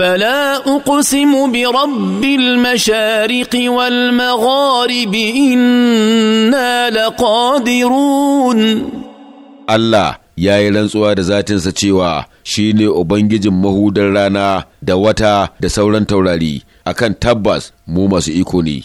فلا اقسم برب المشارق والمغارب انا لقادرون الله ya yi rantsuwa da zatinsa cewa shi ne Ubangijin mahudar rana da wata da sauran taurari, akan tabbas mu masu iko ne.